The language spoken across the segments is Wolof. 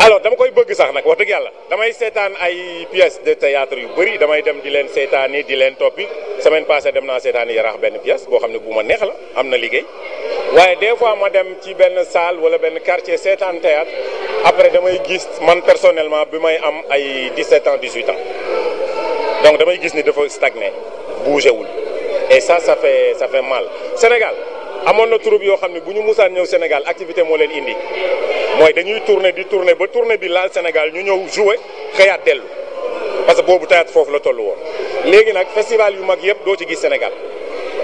alors dama koy bëgg sax nag wax dëgg yàlla damay seetaan ay pièces de théâtre yu bëri damay dem di leen seetaani di leen toppi semaine passée dem naa seetaani yaraax benn pièce boo xam ne bu ma neex la am na liggéey waaye des fois ma dem ci benn salle wala benn quartier seetaan théâtre après damay gis man personnellement bi may am ay 17 ans 18 ans donc damay gis ni dafa stagné bougé wul et ça ça fait ça fait mal Sénégal amoon na troupe yoo xam ne bu ñu ñëw Sénégal activité moo leen indi mooy dañuy tourner di tourner ba tourner bi laal Sénégal ñu ñëw jouer xëyaat dellu parce que boobu théâtre foofu la toll woon. léegi nag festival yu mag yëpp doo ci gis Sénégal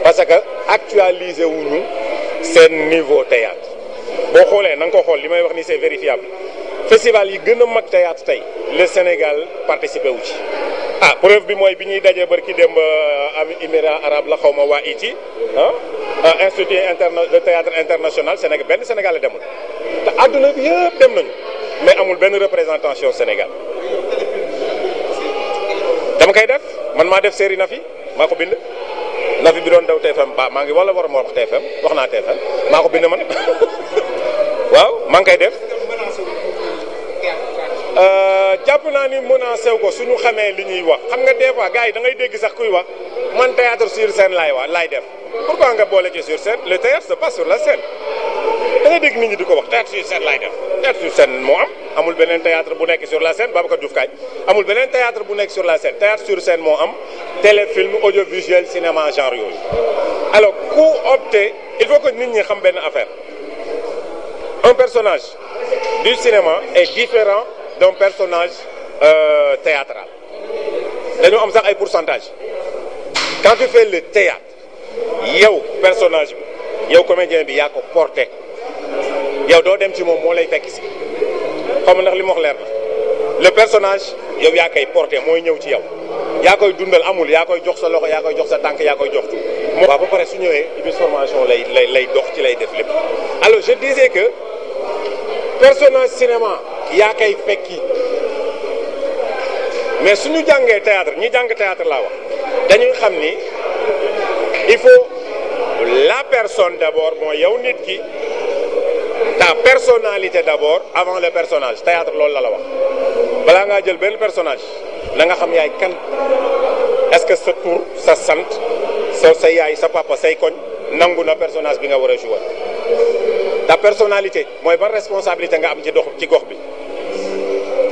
parce que actualiser wuñu seen niveau théâtre boo xoolee na nga ko xool li may wax ni c'est vérifiable festival yi gën a mag théâtre tey le Sénégal participer wu ci ah preuve bi moy biñuy dajé dajee ki dem euh, am émirat arabe la xawma wa waa iti ah euh, institut interna de théâtre international Sénégal benn sénégalais demul te àdduna bi yépp dem nañu mais amul ben représentation Sénégal dama kay def man ma def série na fi mako bind fi bi doon daw TFM ba maa ngi wala war mo wax TFM wax naa TFM maa ko bind man waaw maa ngi def. Euh, ni ko suñu wax xam nga des fois da ngay dégg sax kuy wax théâtre sur scène pourquoi sur scène le théâtre sur la scène théâtre sur scène def théâtre sur scène am amul théâtre bu sur la scène théâtre sur la scène théâtre sur scène audiovisuel cinéma genre alors opté il faut que nit ñi xam affaire un personnage du cinéma est différent d'un personnage euh, théâtral Et am sax ay pourcentage quand tu fais le théâtre yow personnage bi yow comédien bi yaa ko porté yow doo dem ci petit moment lay il si xam ndax li mu wax leer na le personnage yow yaa koy porté y a ci yow yaa koy dundal amul yaa koy jox sa loxo yaa koy jox sa tank, yaa koy jox tout. waaw ba pare su ñëwee une formation lay lay lay dox ci lay def lépp alors je disais que personnage cinéma yaa fait fekki mais suñu jàngee théâtre ñi jàng théâtre là wax dañuy xam il faut la personne d'abord mooy yow nit ki ta personnalité d'abord avant le personnage théâtre loolu la la wax balaa ngaa jël benn personnage na nga xam yaay kan est-ce que ce tour, ça sant sa sa yaay sa papa say koñ nangu na personnage bi nga war jouer ta personnalité mooy ban responsabilité nga am ci dox ci gox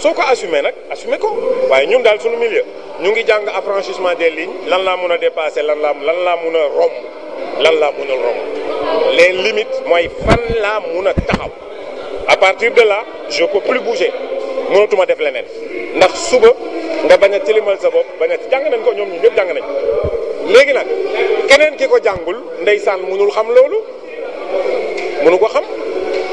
soo ko assumé nak assumé ko waye ñun dal suñu milieu ñu ngi jang affranchissement des lignes lan la mëna dépasser lan la lan la mëna a lan la mëna a les limites moy fan la mëna taxaw à partir de là je peux plus bouger mënatuma def lenen ndax suba nga bañ tilimal sa bop bañ jang nañ ko ñoom ñu ñëpp jang nañ légui nak keneen kiko jangul jàngul mënul xam lolu mënu ko xam.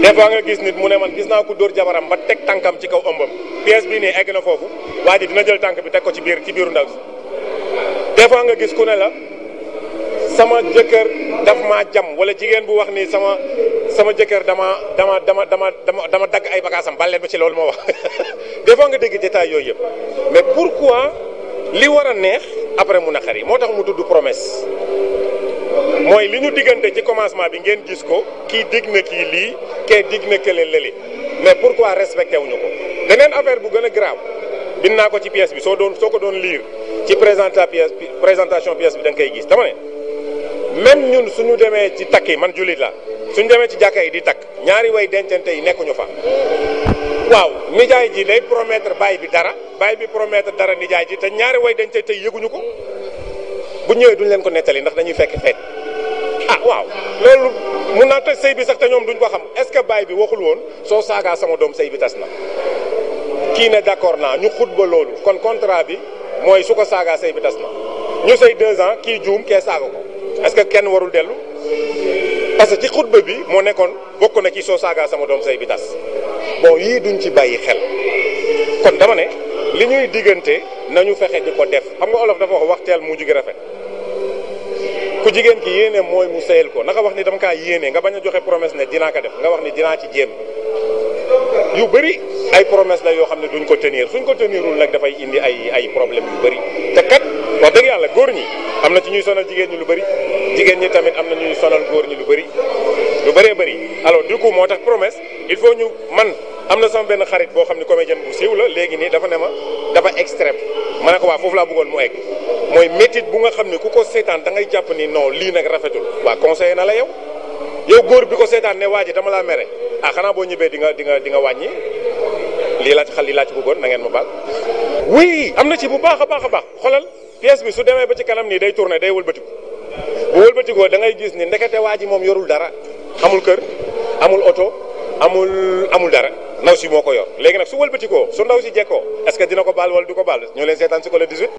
des nga gis nit mu ne man gis naa ko dóor jabaram ba teg tànkam ci kaw ombam pièce bi nii egg na foofu waa ji dina jël tànk bi teg ko ci biir ci biiru ndaw si nga gis ku ne la sama jëkkër daf maa jam wala jigéen bu wax ni sama sama jëkkër dama dama dama dama dama dama dagg ay bagaasam bàlleen ba ci loolu moo wax des nga dégg détail yooyu yëpp mais pourquoi li war a neex après mu naqari moo tax mu tudd promesse mooy li ñu diggante ci commencement bi ngeen gis ko kii dig na kii lii kee dig na kële lële mais pourquoi respecté wuñu ko beneen affaire bu gën a grave bind naa ko ci pièce bi soo doon soo ko doon liir ci présenta pièce présentation pièce bi da nga koy gis dama ne même ñun suñu demee ci takk yi man jullit la suñu demee ci jàkka yi di takk ñaari way dencante yi nekkuñu fa waaw nijaay ji day promettre baay bi dara baay bi promettre dara nijaay ji te ñaari way dencante yëguñu ko bu ñëwee duñ leen ko nettali ndax dañuy fekk ah waaw loolu mun naa toj sëy bi sax te ñoom duñ ko xam est-ce que baay bi waxul woon soo saagaa sama doom sëy bi tas na kii ne d'accord naa ñu xut ba loolu kon contrat bi mooy su ko saagaa sëy bi tas na ñu sëy deux ans kii juum kee saaga ko est que kenn warul dellu parce que ci xutba bi moo nekkoon bokk na ci soo saagaa sama doom sëy bi tas bon yii duñ ci bàyyi xel kon dama ne li ñuy diggante nañu fexe di ko def xam nga olof dafa wax waxteel mu jugi rafet ku jigen ki yene moy mu seyel ko naka wax ni dama ka yene nga baña joxe promesse ne dina ka def nga wax ni dina ci jéem yu bari ay promesse la yo xamne ne duñ ko tenir suñ ko tenirul da fay indi ay ay problème yu bari te kat wax deug yalla gor ñi amna ci ñuy sonal jigen ñu lu bari jigen ñi tamit amna ñuy sonal gor ñi lu bari lu bari bari alors du coup motax promesse il faut ñu man amna sama ben xarit bo xam ne comédien bu sew la léegi ni dafa ne dafa extrême ma ne ko waa foofu mu egg mooy métit bu nga xam ne ku ko seetaan da ngay jàpp ni non lii nag rafetul waa conseillé na la yow yow góor bi ko seetaan ne waa ji dama laa mere ah xanaa boo ñibbee di nga di nga di nga wàññi lii laaj xal lii laaj ci bëggoon na ngeen ma baal. oui am na ci bu baax a baax a baax xoolal pièce bi su demee ba ci kanam nii day tourné day wëlbatiku bu wëlbatikoo da ngay gis ni ndekete waa ji moom yorul dara amul kër amul oto amul amul dara. ndaw si moo ko yor léegi nag su wëlbatikoo su ndaw si jekkoo est dina ko baal wala du ko baal ñoo leen seetaan